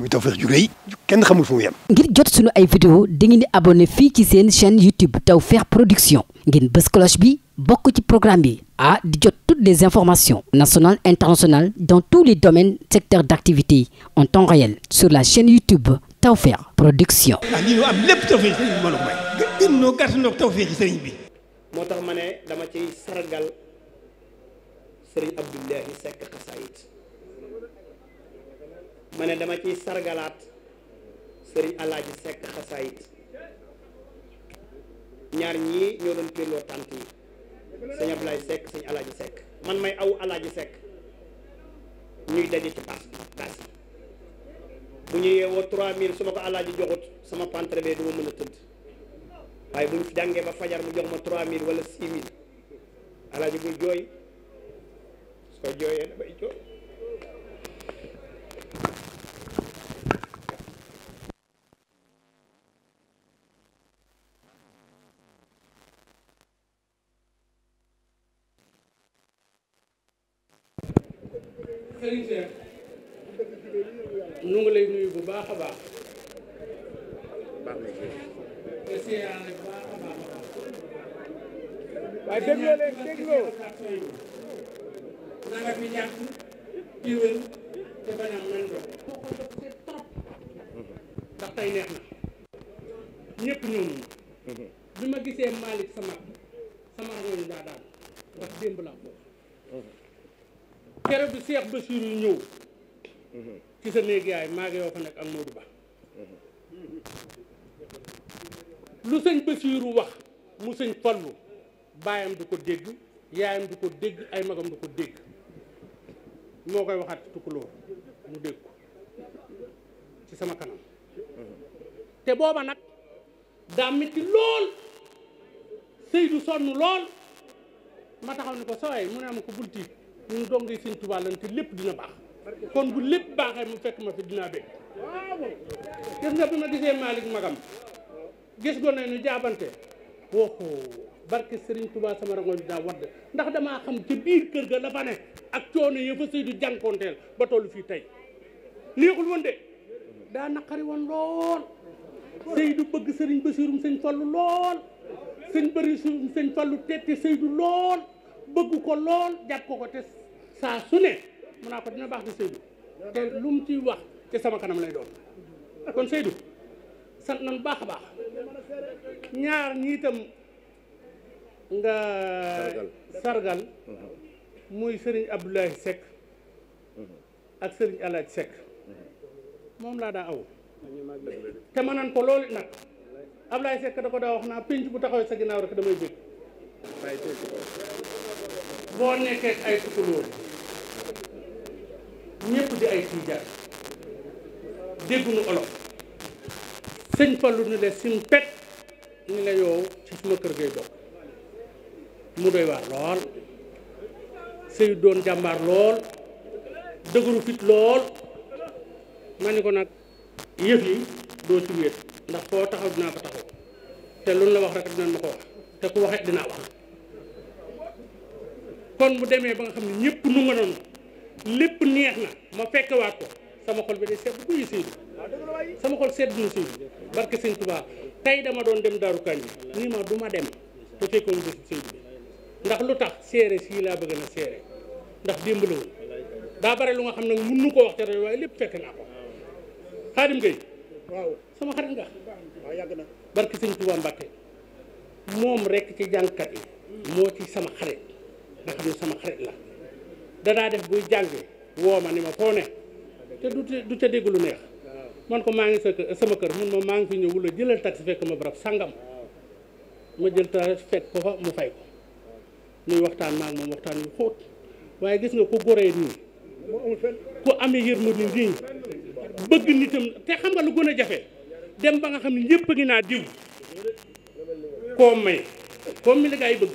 muy Tawfekh ju rëy kenn xamul fu mu yem. ngir jot sunu ay vidéo dangeen di abonné fii ci seen chaîne YouTube Tawfekh Production ngeen bës bi bokk ci programme bi ah di jot toutes les informations nationales internationales dans tous les domaines secteurs d'activité en temps réel sur la chaîne YouTube Tawfekh Production. ah lii am lépp Tawfekh sëriñ bi la may. gën gën ñoo gàtt ñoo Tawfekh sëriñ bi. moo tax ma ne dama ciy sargal sëriñ Abdoulaye Seck Xasaayit. ma ne dama ciy sargalaat sëriñ Alaaji Sekk xasaayit ñaar ñii ñoo doon pirloo tànt yi sëñ Ablaye Sekk sëñ Alaaji Sekk man may aw Alaaji Sekk ñuy daje ci baas baas yi bu ñu yeewoo trois mille su ma ko Alaaji joxut sama pantre bee du mën a tëdd waaye buñ ñu jàngee ba fajar mu jox ma trois mille wala six mille Alaaji bul jooy soo jooyee damay jooy Serigne Cheikh nu ngi lay nuyu bu baax a baax te siyaare bu baax baax waaye dégloo leen dégloo nanga fi yàgg ci te bañ a mën ndax tey neex na ñëpp ñëw mhm. bi ma gisee Malick sama sama roñ daa daal ndax démb la ko kere bi Seex Basiiru yu ñëw ci sa néeg yaay maa ngi yow fa nekk ak Modou Ba lu sëñ Basiiru wax mu sëñ Fallu baayam du ko dégg yaayam du ko dégg ay magam du ko dégg moo koy waxaat ci tukkuloo mu dégg ko ci sama kanam te booba nag daa metti lool Seydou sonn lool ma taxaw ni ko saway mu ne am ko bul tiit ñun dongoy Sëñ Tuubaa lañ te lépp dina baax kon bu lépp baaxee mu fekk ma fi dinaa bég gis nga bi ma gisee Malick magam gis gone ñu jaabante waxu barke Sëriñ Tuubaa sama rangoñ daa wadd ndax damaa xam ci biir kër ga la fa ne ak coono ya fa Seydou jànkoonteel ba tollu fii tey neexul woon de daa naqari woon lool Seydou bëgg Sëriñ Basirum Sëñ Fallu lool sëñ bëri suum sëñ Fallu tetti Seydou lool bëgg ko lool jàpp ko ko te saa su ne mun naa ko dina baax di Seydou te lu mu ciy wax ci sama kanam lay doon kon Seydou sant nañu baax a baax ñaar ñi itam nga sargal muy sëriñ Abdoulaye sekk ak Serigne Alaaj Seck moom laa daa aw te ma nan ko loolu nag Abdoulaye sekk da ko daa wax naa pénc bu taxawee sa ginnaaw rek damay bég boo nekkee ay tukulóor ñëpp di ay tiijaan dégguñu olof sëñ Fallou ni le sim pet ni la yow ci suma kër gay bokk mu doy waar lool sëy doon jàmbaar lool dëgëru fit lool ma ni ko nag yëf yi doo ci wéet ndax foo taxaw dinaa ko taxaw te lu la wax rek dinañ ma ko wax te ku waxee dinaa wax kon bu demee ba nga xam ne ñëpp nu nga noonu lépp neex na ma fekk waat ko sama xol bi day sedd guy Seydou sama xol sedd na Seydou barke sëñ Tuubaa tey dama doon dem Daaru Kañ nii ma du dem te fekkoon bés Seydou ndax lu tax seere sii laa bëgg na seere ndax démb la daa bare lu nga xam ne mën nu ko wax te waaye lépp fekk naa ko Xaadim Gay sama xarit nga waaw yàgg na barke sëñ Tuubaa Mbàkke moom rek ci jànkat yi moo ci sama xarit nga xam ne sama xarit la danaa def buy jàng woo ma ni ma foo ne te du ca dégg lu neex man ko maa ngi sa sama kër mun ma maa ngi fi ñëw wula jëlal taxi fekk ma barab sangam ma jël taxi fekk ko mu fay ko muy waxtaan maak moom waxtaan yu xóot waaye gis nga ko goree nii ku amee yërmande nii bëgg nitam te xam nga lu gën a jafe dem ba nga xam ne ñëpp a ngi naa diw koom may koom mi la gaa bëgg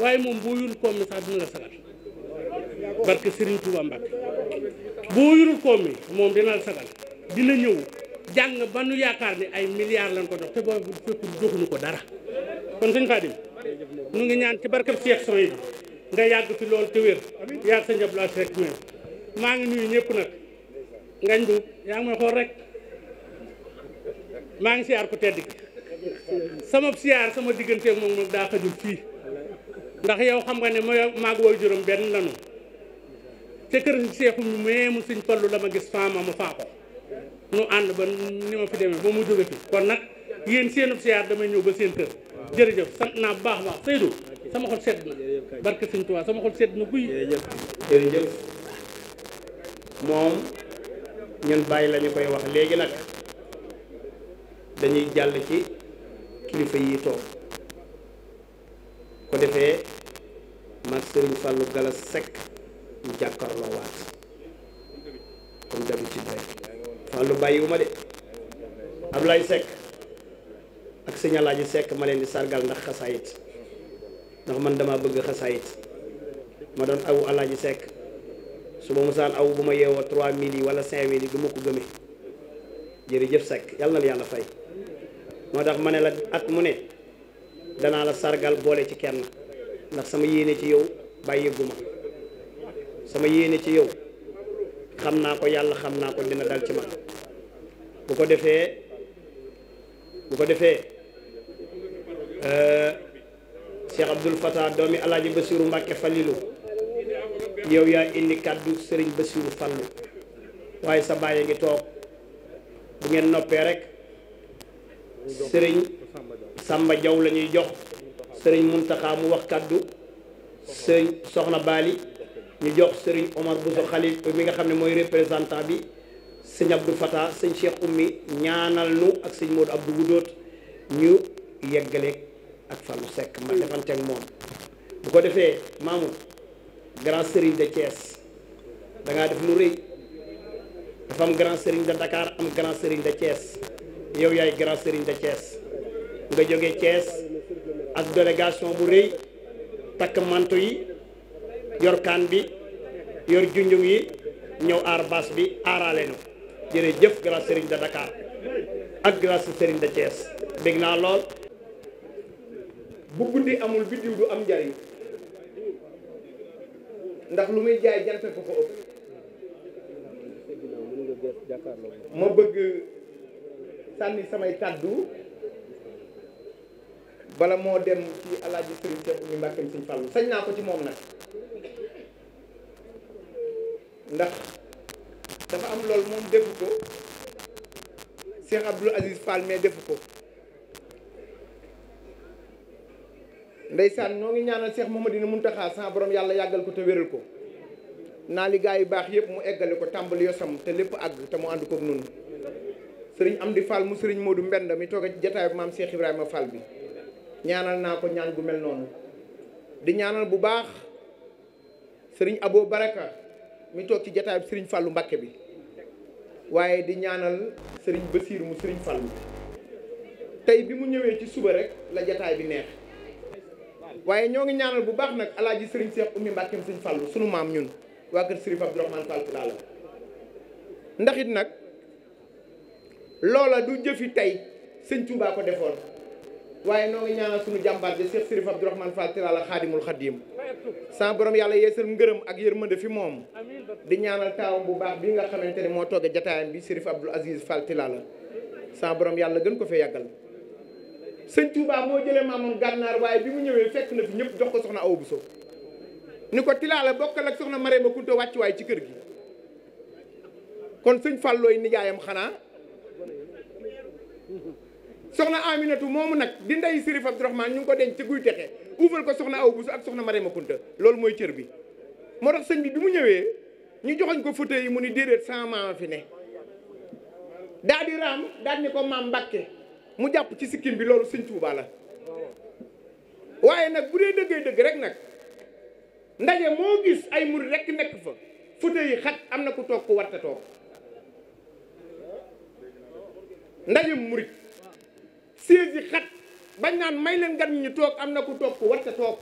waaye moom boo yul koom mi sax dina la sagal barke Serigne Touba Mbacke boo yurul koom mi moom dina la sagal dina ñëw jàng ba nu yaakaar ni ay milliards lañ ko jox te boobu fekkul joxuñu ko dara kon sëñ Khadim ñu ngi ñaan ci barkeb Cheikh Souhaïb nga yàgg fi loolu te wér yàgg sa njaboot rek mais maa ngi nuyu ñépp nag ngañ bu yaa ngi xool rek maa ngi siyaar ku tedd gi sama siyaar sama diggante moom moom daa xajul fii ndax yow xam nga ne ma maag wooy juróom benn lanu te kër seexu meemu suñ fallu la ma gis faama ma faa ko nu ànd ba ni ma fi demee ba mu jóge fi kon nag yéen seenu siyaar damay ñëw ba seen kër jërëjëf naa bu baax baax Seydou sama xol sedd na barke Sëñ Tuubaa sama xol sedd na buy jërëjëf moom ñun bàyyi lañu koy wax léegi nag dañuy jàll ci kilifa yi toog ko defee mag Sëriñ Fallou Galas Seck ñu jàkkarloo waat comme d'habitude rek Fallou bàyyiwuma de Ablaye Seck ak sëñ Alaaji Seck ma leen di sargal ndax xasaayit ndax man damaa bëgg xasaayit ma doon awu Alaaji sekk su ma musaan aw bu ma yeewoo trois mille yi wala cinq mille yi du ma ko gëmee jërëjëf Seck yàlla na la yàlla fay moo tax ma ne la at mu ne danaa la sargal boole ci kenn ndax sama yéene ci yow bàyyi gu ma sama yéene ci yow xam naa ko yàlla xam naa ko dina dal ci man bu ko defee bu ko defee euh, Cheikh Abdoul Fatah doomi alaaji Basiru Mbàkke Falilu yow yaa indi kàddu sëriñ Basiru Fallu waaye sa bàyyi ngi toog bu ngeen noppee rek sëriñ Samba Jaw la ñuy jox sëriñ Muntaxa mu wax kàddu sëriñ Soxna Baali ñu jox Serigne Omar Bousso Khalil mi nga xam ne mooy représentant bi sëñ Abdou Fata sëñ Cheikh Oumy ñaanal nu ak sëñ Modou Abdou Goudoot ñu yeggaleeg ak Fallou Seck ma defanteeg moom bu ko defee Mamour grand Serigne de Thiès dangaa def lu rëy dafa am grand Serigne de Dakar am grand Serigne de Thiès yow yaay grand Serigne de Thiès nga jógee Thiès ak délégation bu rëy takk manto yi. yor kaan bi yor junjung yi ñëw aar baas bi aaraale nu jëf grâce Serigne de Dakar ak grâce Serigne de Thiès dégg naa lool bu guddi amul biddiw du am njariñ ndax lu muy jaay jant ko ko ëpp ma bëgg sànni samay kàddu bala moo dem ci alaaji Serigne Cheikh ñu mbàkkam Serigne Fallou sañ naa ko ci moom nag ndax dafa am lool moom defu ko Cheikh Abdoul Aziz Fall mais defu ko ndeysaan noo ngi ñaanal Cheikh Mouhamadou Mountakha sa borom yàlla yàggal ko te wéral ko naa li gaa baax yëpp mu eggale ko tàmbali yosam te lépp àgg te mu ànd koog noonu sëriñ di Fall mu sëriñ Modou Mbend mi toog ci jataay bu maam Cheikh Ibrahima Fall bi ñaanal naa ko ñaan gu mel noonu di ñaanal bu baax sëriñ Abo Baraka mi toog ci jataay bi Serigne Fallou Mbacké bi waaye di ñaanal sëriñ Bassir mu Serigne Fallou tey bi mu ñëwee ci suba rek la jataay bi neex waaye ñoo ngi ñaanal bu baax nag ji Serigne Cheikh Oumy Mbacké Serigne Fallou sunu maam ñun waa kër Serigne Abdourahmane Fall Tilala ndax it nag loola du jëfi tey Sëñ Touba ko defoon waaye noo ngi ñaanal suñu jàmbaar ji Cheikh Sirif Abdourahmane Fall Tilala xaadimul xadim sa borom yàlla yeesal ngërëm ak yër yërmande fi moom di ñaanal taawam bu baax bi nga xamante ne moo toog jataayam bi Sirif Abdoul Aziz Fall Tilala sa borom yàlla gën ko fee yàggal sëñ Touba moo jëlee maamoon gànnaar waaye bi mu ñëwee fekk na fi ñëpp dox ko soxna bu Bousso ni ko Tilala bokkal ak soxna Marème Kunta wàcc waay ci kër gi kon sëñ Fallooy nijaayam xanaa soxna Aminatu moomu nag di ndey Sirif Abdourahmane ñu ngi ko denc ci guy texe uufal ko soxna aw busu ak soxna Marema Kunta loolu mooy cër bi moo tax sëñ bi bi mu ñëwee ñu joxoñ ko fauteuil yi mu ni déedéet sama maam fi ne daa di raam daal ni ko maam Mbàkke mu jàpp ci sikkim bi loolu sëñ Tuubaa waaye nag bu dee dëggee dëgg rek nag ndaje moo gis ay murid rek nekk fa fauteuil yi xat am na ku toog ku warta toog ndaje murid siège yi xat bañ naan may leen gan ñu toog am na ku toog ku warta toog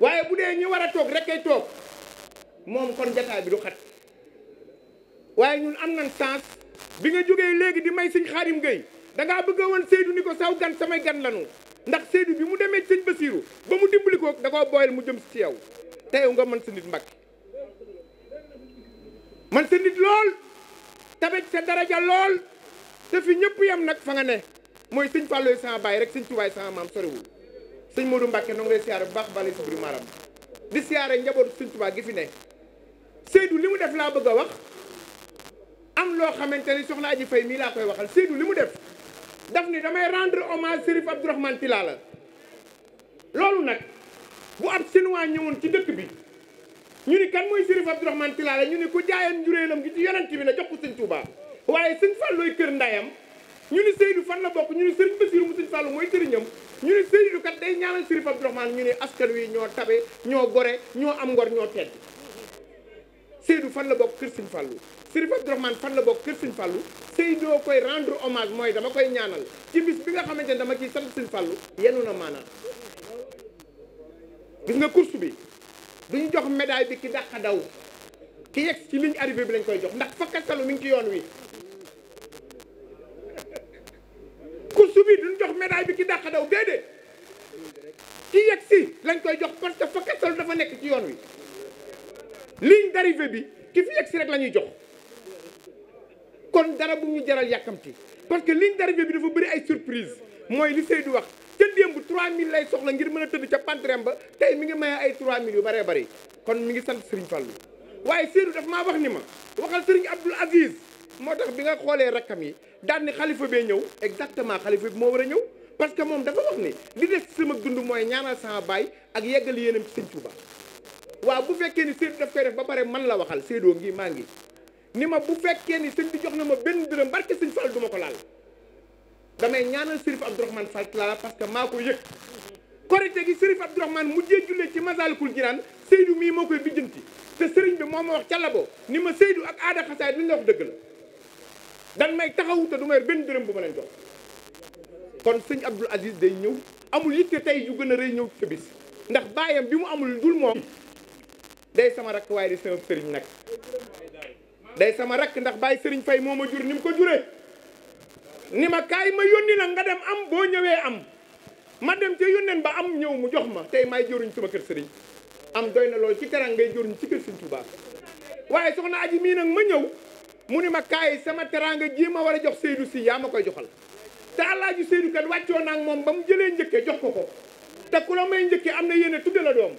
waaye bu dee ñuy war a toog rek kay toog moom kon jataay bi du xat waaye ñun am nañ sens bi nga jógee léegi di may sëñ Xaadim Gueye da ngaa bëgg a woon Seydou ni ko saw gan samay gan lanu ndax Seydou bi mu demee sëñ Basiiru ba mu dimbali ko da koo booyal mu jëm si yow te yow nga mën sa nit mbagg man te nit lool tabe te daraja lool te fi ñëpp yam nag fa nga ne mooy sëñ Fallou sama baay rek sëñ Touba sama maam soriwul sëñ Modou Mbacke noo ngi lay siyaare bu baax bala si biir maaram di siyaare njabootu sëñ Touba gi fi ne Seydou li mu def laa bëgg a wax am loo xamante ni soxna Aji Faye mii laa koy waxal Seydou li mu def daf ni damay rendre hommage Serif Abdourahmane Tilala loolu nag bu ab Sinwaa ñëwoon ci dëkk bi ñu ni kan mooy Chérif Abdourahmane Tilala ñu ni ku jaayan njuréelam gi ci yonent bi na jox ko sëñ Touba waaye sëñ Fallooy kër ndayam ñu ni Seydou fan la bokk ñu ni sëriñ Basiru mu sëñ Fallu mooy ñu ni Seydou kat day ñaanal Chérif Abdourahmane ñu askan wi ñoo tabe ñoo gore ñoo am ngor ñoo tedd fan la bokk kër sëñ Fallu Chérif Abdourahmane fan la bokk kër sëñ Fallu Seydou koy rendre hommage mooy dama koy ñaanal ci bis bi nga xamante ne dama ciy sant sëñ Fallu yenu na maanaam gis nga course bi du jox médaille bi ki dàq daw ki yegg ci ligne arrivée bi lañ koy jox ndax fakkastalu mi ngi ci yoon wi course bi duñ jox médaille bi ki dàq daw déedéet ki yegg si lañ koy jox parce que fakkastalu dafa nekk ci yoon wi ligne d'arrivée bi ki fi yegg si rek la ñuy jox kon dara bu ñu jaral yàkkamti parce que ligne d'arrivée bi dafa bëri ay surprise mooy li Seydou wax 3000 lay soxla ngir mën a tëdd ca pantrem ba tey mi ngi maye ay 3000 yu bëree bëri kon mu ngi sant Serigne Fallou waaye Seydou daf maa wax ni ma waxal Serigne Abdoul Aziz moo tax bi nga xoolee rakkam yi daan ni xalifa bee ñëw exactement xalifa bi moo war a ñëw parce que moom dafa wax ni li des sama dund mooy ñaanal sama baay ak yeggal yéenam ci Serigne Touba waaw bu fekkee ni Seydou daf koy def ba pare man la waxal Seydou ngi maa ngi ni ma bu fekkee ni sëñ bi jox na ma benn dërëm barke Serigne Fallou du ko laal damay ñaanal Sérif Abdourahmane Fall Tilala parce que maa ko yëg korite gi Sérif Abdourahmane mujjee jullee ci Masaalikul Jinaan Seydou mii moo koy bijjanti te sëriñ bi moo ma wax ca labo ni ma Seydou ak aada xasaay li ñu la wax dëgg la dan may taxawu te du may benn dërëm bu ma leen jox kon sëñ Abdoul Aziz day ñëw amul yitte tey yu gën a rey ñëw ca ndax baayam bi mu amul dul moom day sama rakk waaye di sama sëriñ nag day sama rakk ndax baay sëriñ fay moo ma jur ni ko juree ni ma kaay ma yónni nag nga dem am boo ñëwee am ma dem ca yónneen ba am ñëw mu jox ma tey maay jëruñ sama kër sëriñ am doy na lool ci teranga ngay jëruñ ci kër sëriñ Tuubaa waaye soxna aji mii nag ma ñëw mu ni ma kaay sama teranga ji ma war a jox Seydou si yaa ma koy joxal te alaaji Seydou kat wàccoo ak moom ba mu jëlee njëkke jox ko ko te ku la may njëkkee am na yenn tudde la doom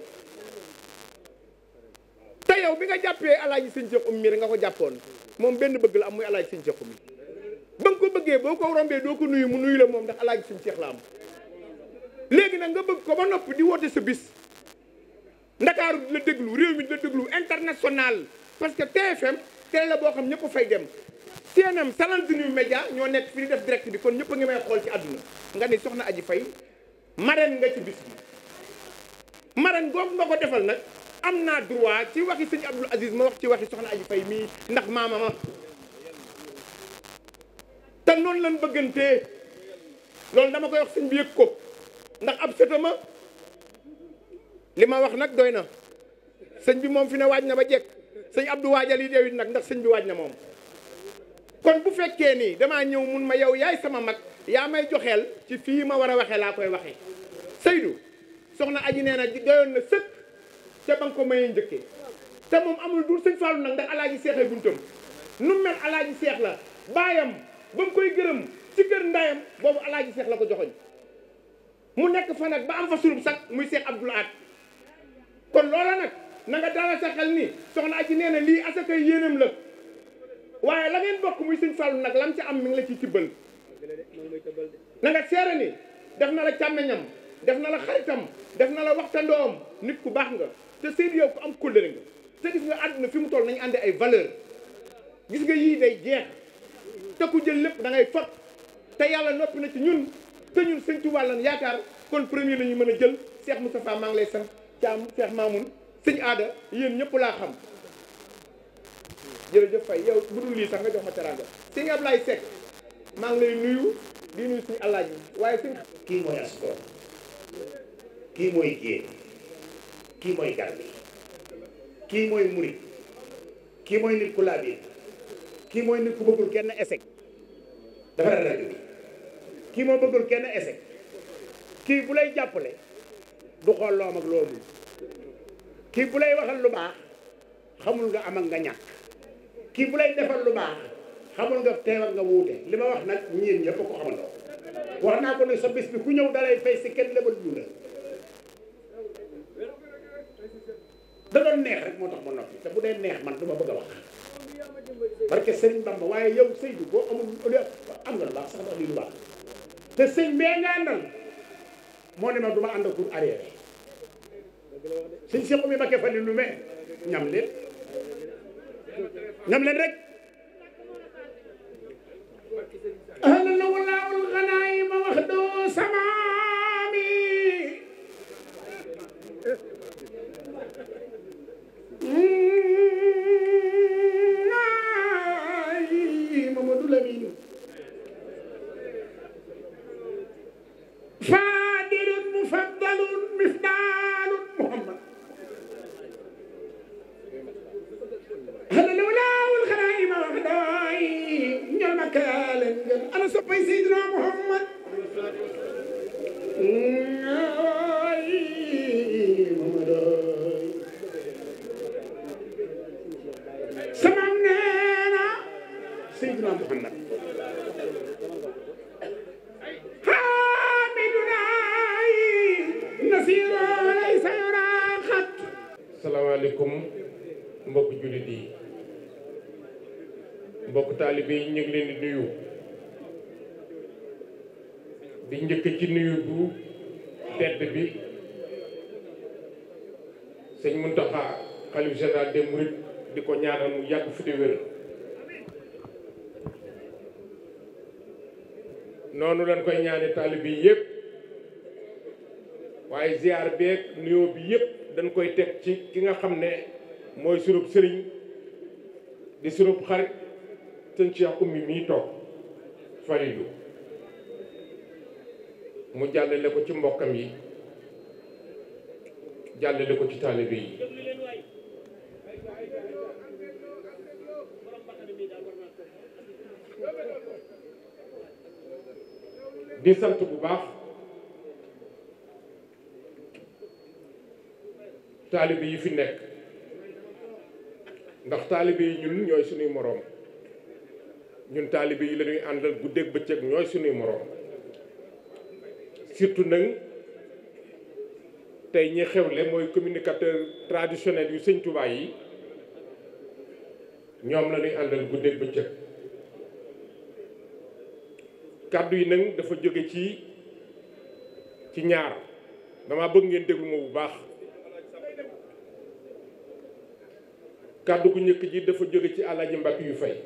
te yow bi nga jàppee alaaj sëñ Cheikh Oumy mi nga ko jàppoon moom benn bëgg la am muy alaaji sëñ Cheikh bëggee boo ko rombee doo ko nuyu mu nuyu la moom ndax alaaji suñu seex la léegi nag nga bëgg ko ba noppi di woote sa bis ndakaaru di la déglu réew mi di la déglu international parce que TFM télé la boo xam ñëpp fay dem CNM Salane New Media ñoo nekk fi di def direct bi kon ñëpp a ngi may xool ci àdduna nga ni soxna Aji Faye marraine nga ci bis bi marraine boobu nga ko defal nag am naa droit ci waxi sëñ Abdoul Aziz ma wax ci waxi soxna Aji Faye mii te noonu lan bëggante loolu dama koy wax sëñ bi yëg ko ndax ab sëtama li ma wax nag doy na sëñ bi moom fi ne waaj na ba jekk sëñ Abdou waajal yi deewit nag ndax sëñ bi waaj na moom kon bu fekkee nii damaa ñëw mun ma yow yaay sama mag yaa may joxeel ci fii ma war a waxee laa koy waxee Seydou soxna aji nee na doyoon na sëkk te ba nga ko mayee njëkkee te moom amul dul sëñ Fallou nag ndax alaaji seexee buntam nu mel alaaji seex la baayam ba mu koy gërëm ci kër ndayam boobu alaaji seex la ko joxoñ mu nekk fa nag ba am fa surub sax muy seex abdul aat kon loola nag na nga sa xel ni soxna aji nee na lii asakay yéenam la waaye la ngeen bokk muy sëñ fàllu nag lam ci am mi ngi la ciy tibbal na nga seere ni def na la càmmeñam def na la xaritam def na la waxtandoom nit ku baax nga te seen yow ku am kóllëre nga te gis nga àdduna fi mu toll nañu àndi ay valeur gis nga yii day jeex te ku jël lépp da ngay fot te yàlla noppi na ci ñun te ñun sëñ Tuubaa lan yaakaar kon premier la ñu mën a jël Cheikh Moustapha maa ngi lay sant Thiam Cheikh Mamoun sëñ aada yéen ñëpp laa xam jërëjëf Faye yow bu dul lii sax nga jox ma teraanga sëñ Ablaye Seck maa ngi lay nuyu di nuyu suñu alaaji waaye suñ kii mooy aspoor kii mooy génn kii mooy garbi kii mooy murit kii mooy nit ku laabiir kii mooy nit ku bëggul kenn échec kii moo bëggul kenn échec kii bu lay jàppale du xool loo am loo amul kii bu lay waxal lu baax xamul nga am ak nga ñàkk kii bu lay defal lu baax xamul nga teew nga wuute li ma wax nag ñeen ñëpp ko xamandoo wax naa ko ne sa bis bi ku ñëw dalay fay si kenn lebal juula da doon neex rek moo tax ma noppi te bu dee neex man du ma bëgg a wax barke Serigne Bamba waaye yow Seydou boo amul am nga lu baax sax ndax lii lu baax te sëñ bee nga àndal moo ne ma du ma ànd pour arrière sëñ Cheikh Oumy Mbacké Fallilou lu mais ñam leen ñam leen rek ahlan wa sahlan wal ghanaa'im njëkk ci nuyu bu tedd bi sëñ Mountakha xalif général des mourides di ko ñaanal mu yàgg fi te wér noonu lañ koy ñaani taalib yi yëpp waaye ziar beeg nuyoo bi yëpp dañ koy teg ci ki nga xam ne mooy surub sëriñ di surub xarit sëñ Cheikh Oumy mii toog Falilou mu jàllale ko ci mbokkam yi jàllale ko ci taalibe yi di sant bu baax taalibe yi fi nekk ndax taalibe yi ñun ñooy sunuy moroom ñun taalibe yi la ñuy àndal guddeeg bëccëg ñooy sunuy moroom surtout nag tey ñi xewle mooy communicateur traditionnel yu sëñ Touba yi ñoom la ñuy àndal guddee bëccëg kàddu yi nag dafa jóge ci ci ñaar dama bëgg ngeen déglu ma bu baax kàddu gu njëkk ji dafa jóge ci alaaji Mbàkke yu fay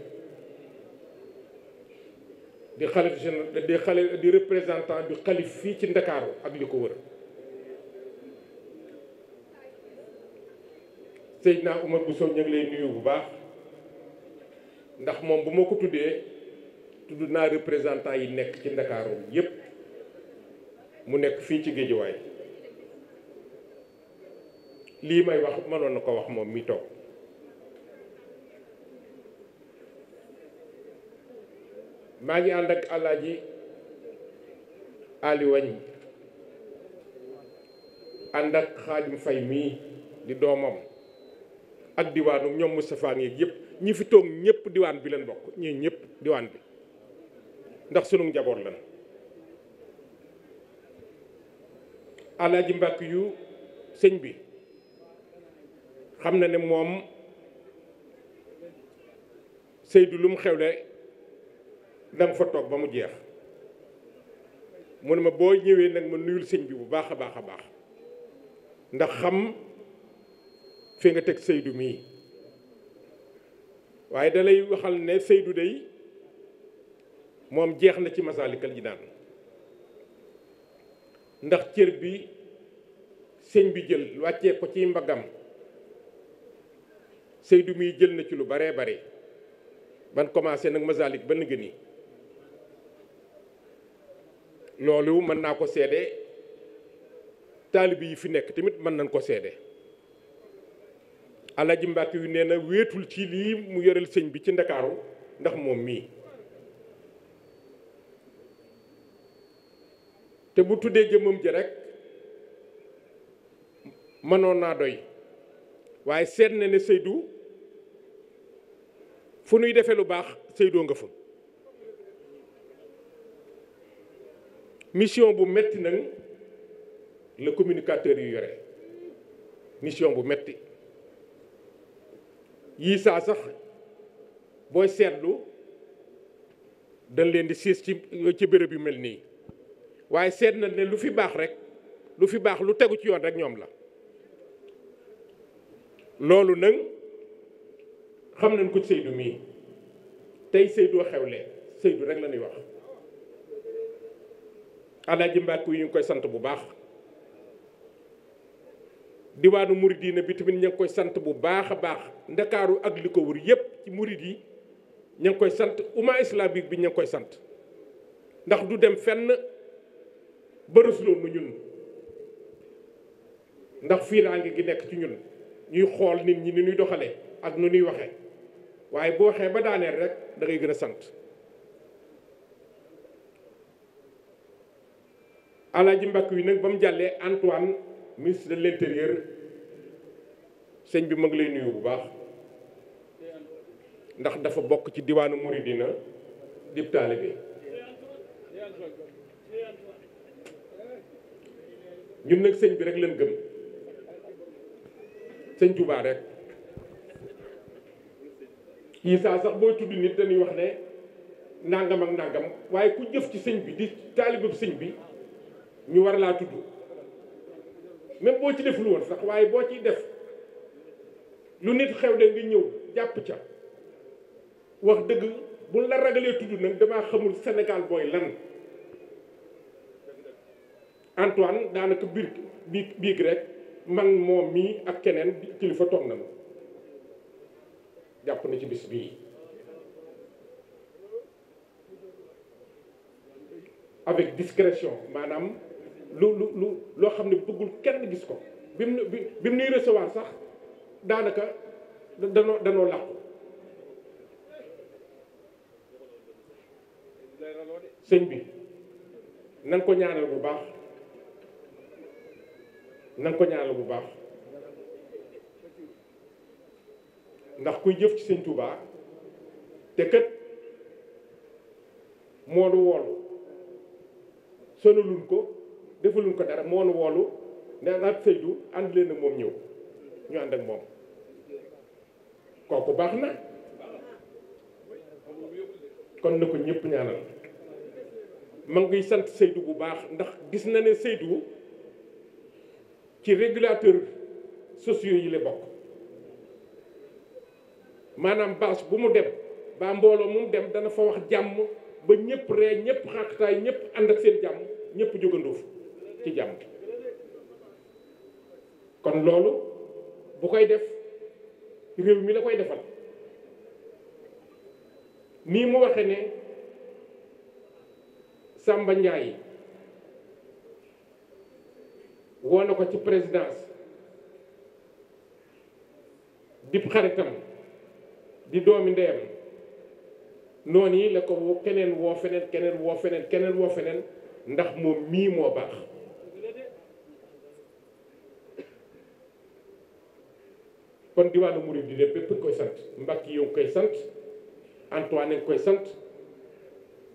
di xalif général di xale di représentant du xalif fii ci Ndakaaru ak li ko wër Seydina Oumar Bousso ñu ngi lay nuyu bu baax ndax moom bu ma ko tuddee tudd naa représentant yi nekk ci Ndakaaru yépp mu nekk fii ci Géejawaay lii may wax mënoon na ko wax moom mi toog maa ngi ànd ak Alaaji Ali Wañ ànd ak Xaadim Fay mii di doomam ak diwaanu ñoom Moustapha ngi yëpp ñi fi toog ñëpp diwaan bi leen bokk ñii ñëpp diwaan bi ndax sunu njaboot lan Alaaji Mbàkk yu sëñ bi xam na ne moom Seydou lu mu xewle na fa toog ba mu jeex mu ne ma boo ñëwee nag ma nuyul sëñ bi bu baax a baax a baax ndax xam fi nga teg Seydou mii waaye da lay waxal ne Seydou day moom jeex na ci Masaalikal naan ndax cër bi sëñ bi jël wàccee ko ci mbaggam Seydou mii jël na ci lu baree bare ban commencé nag Masaalik ba nëgë loolu mën naa ko seede taalibi yi fi nekk tamit mën nañ ko seede Alaaji Mbàkke yu nee na wéetul ci lii mu yoreel sëñ bi ci ndakaaru ndax moom mii te bu tuddee jëmmam ji rekk mënoon naa doy waaye seet na ne Seydou fu nuy defe lu baax Seydoo nga fa mission bu metti nag la communicateur yu yore mission bu metti yii saa sax booy seetlu dañ leen di siis ci ci béréb yu mel nii waaye seet na ne lu fi baax rek lu fi baax lu tegu ci yoon rek ñoom la loolu nag xam nañ ko Seydou mii tey Seydoo xewle Seydou rek la wax alaaji Mbàkke yi ñu koy sant bu baax diwaanu muridina bi tamit ña koy sant bu baax a baax ndakaaru ak li ko wër yépp ci murid yi ña ngi koy sant umma islamique bi ña koy sant ndax du dem fenn bërësloo nu ñun ndax fiiraange gi nekk ci ñun ñuy xool nit ñi ni ñuy doxalee ak nu ñuy waxee waaye boo waxee ba daaneel rek da ngay gën a sant alaaji mbàkk wi nag ba mu jàllee Antoine ministre de l'intérieur sëñ bi mag lay nuyu bu baax ndax dafa bokk ci diwaanu Muridina dib taalibe ñun nag sëñ bi rek leen gëm sëñ Touba rek Isaa sax booy tudd nit dañuy wax ne nangam ak nangam waaye ku jëf ci sëñ bi di taalibe sëñ bi ñu war laa tudd même boo ci deful woon sax waaye boo ciy def lu nit xew de nga ñëw jàpp ca wax dëgg buñ la ragalee tudd nag damaa xamul senegal booy lan Antoine daanaka biir bi biig rek man moom mii ak keneen kilifa toog na ma jàpp na ci bis bii avec discrétion maanaam lu lu lu loo xam ne bëggul kenn gis ko bi mu nuy recevoir sax daanaka danoo danoo làqu sëñ bi nan ko ñaanal bu baax nan ko ñaanal bu baax ndax kuy jëf ci sëñ Touba te kat moo du woolu sonaluñ ko defaluñ ko dara moo woolu nee naa Seydou ànd leen ak moom ñëw ñu ànd ak moom kooku baax na kon na ko ñëpp ñaanal mag ngi sant Seydou bu baax ndax gis na ne Seydou ci régulateur sociaux yi la bokk maanaam bâche bu mu dem baa mbooloo mu dem dana fa wax jàmm ba ñëpp ree ñëpp xàqtaay ñëpp ànd ak seen jàmm ñëpp jógandoo ci jàmm kon loolu bu koy def réew mi la koy defal nii mu waxe ne Samba Ndiaye woo na ko ci présidence dib xaritam di doomi ndeyam noonu yi la ko keneen keneen woo feneen keneen woo feneen ndax moom mii moo baax kon diwaanu murid di lépp bépp koy sant Mbacke yow koy sant Antoine koy sant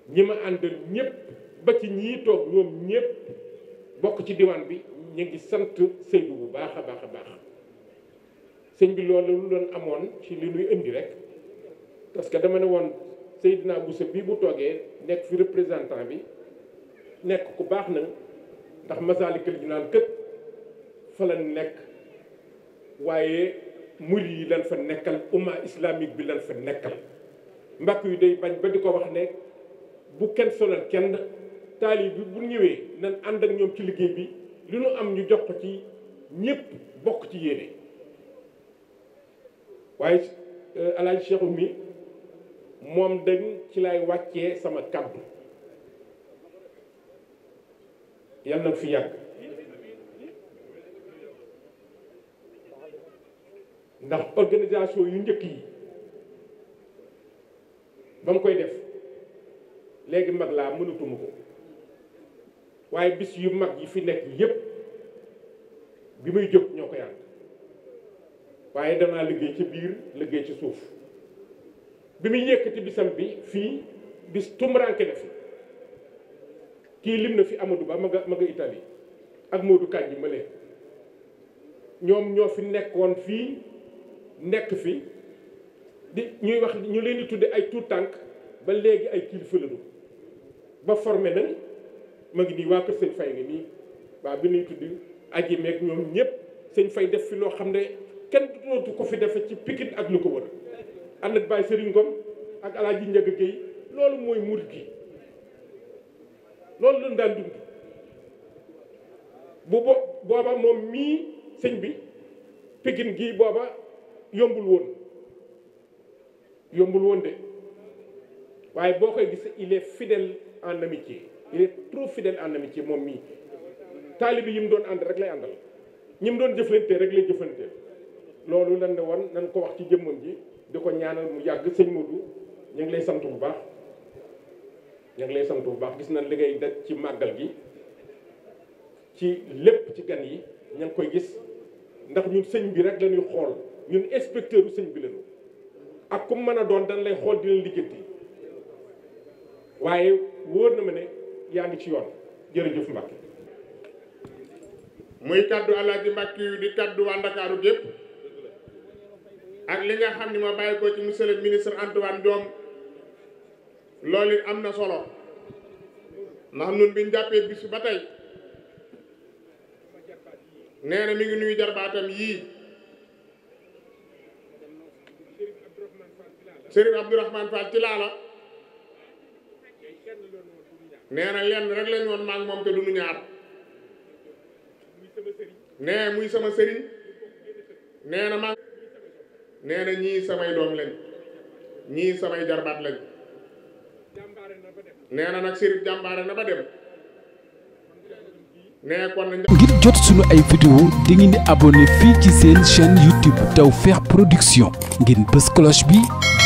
ñi ma àndal ñëpp ba ci ñii toog ñoom ñëpp bokk ci diwaan bi ñu ngi sant Seydou bu baax a baax a baax sëñ bi loolu lu doon amoon ci li nuy indi rek parce que dama ne woon Seydina Bousso bii bu toogee nekk fi représentant bi nekk ku baax na ndax kër Masaalikul naan kët fa la nekk waaye muri yi lan fa nekkal umma islamique bi lan fa nekkal mbàkk yu day bañ ba di ko wax ne bu kenn sonal kenn taalib bi bu ñëwee nan ànd ak ñoom ci liggéey bi lu nu am ñu jox ci ñëpp bokk ci yéene waaye euh, alaaji Cheikh mi moom dañ ci lay wàccee sama kàddu yàlla na fi yàgg ndax organisation yu njëkk yi ba mu koy def léegi mag laa mënatuma ko waaye bis yu mag yi fi nekk yépp bi muy jóg ñoo koy ànd waaye danaa liggéey ci biir liggéey ci suuf bi muy yëkkati bisam bi fii bis tumuranke na fi kii lim na fi Amadou Ba ma nga ma nga Italie ak Modou Kandji ma leen ñoom ñoo fi nekkoon fii nekk fi di ñuy wax ñu leen di tuddee ay tuut tànk ba léegi ay kilifa lañu ba forme nañ ma ngi nii waa kër sëñ Fay ngi nii waa bi ñuy tudd aji meeg ñoom ñëpp sëñ Fay def fi loo xam ne kenn dootu ko fi defe ci Pikine ak lu ko wër ànd ak Baye Serigne Ngom ak Alaaji Njaga Géy loolu mooy murit gi loolu lañ daan dund bu booba moom mii sëñ bi Pikine gi booba yombul woon yombul woon de waaye boo koy gis il fidel fidèle ci amitié il est trop fidèle moom mii taalibi yi mu doon ànd rek lay àndal ñi mu doon jëflante rek lay jëflante loolu lan ne woon nañ ko wax ci jëmmam ji di ko ñaanal mu yàgg sëñ Modou ñu ngi lay sant bu baax ñu lay sant bu baax gis na li ngay daj ci màggal gi ci lépp ci gan yi ña ngi koy gis ndax ñu sëñ bi rek lañuy xool ñun inspecteur u sëñ bi lañu ak comme mën a doon dañ lay xool dina lijjanti waaye wóor na ma ne yaa ngi ci yoon jërëjëf Mbacke muy kaddu Alaaji Mbacke yu di kaddu waa Ndakaaru gépp ak li nga xam ni ma bàyyi ko ci monsieur le ministre Antoine Diome loolu it am na solo ndax nun biñ jàppee bis ba tey nee na mi ngi nuyu jarbaatam yii Serigne Abdourahmane Fall ci laa la nee lenn rek lañ woon maag moom te du ñu ñaar nee muy sama sëriñ nee na maag nee na ñii samay doom lañ ñii samay jarbaat lañ nee nag Serigne jàmbaare na ba dem ngir jot sunu ay vidéo di ngeen di abonné fii ci seen chaîne YouTube Tawfekh Production ngeen bës cloche bi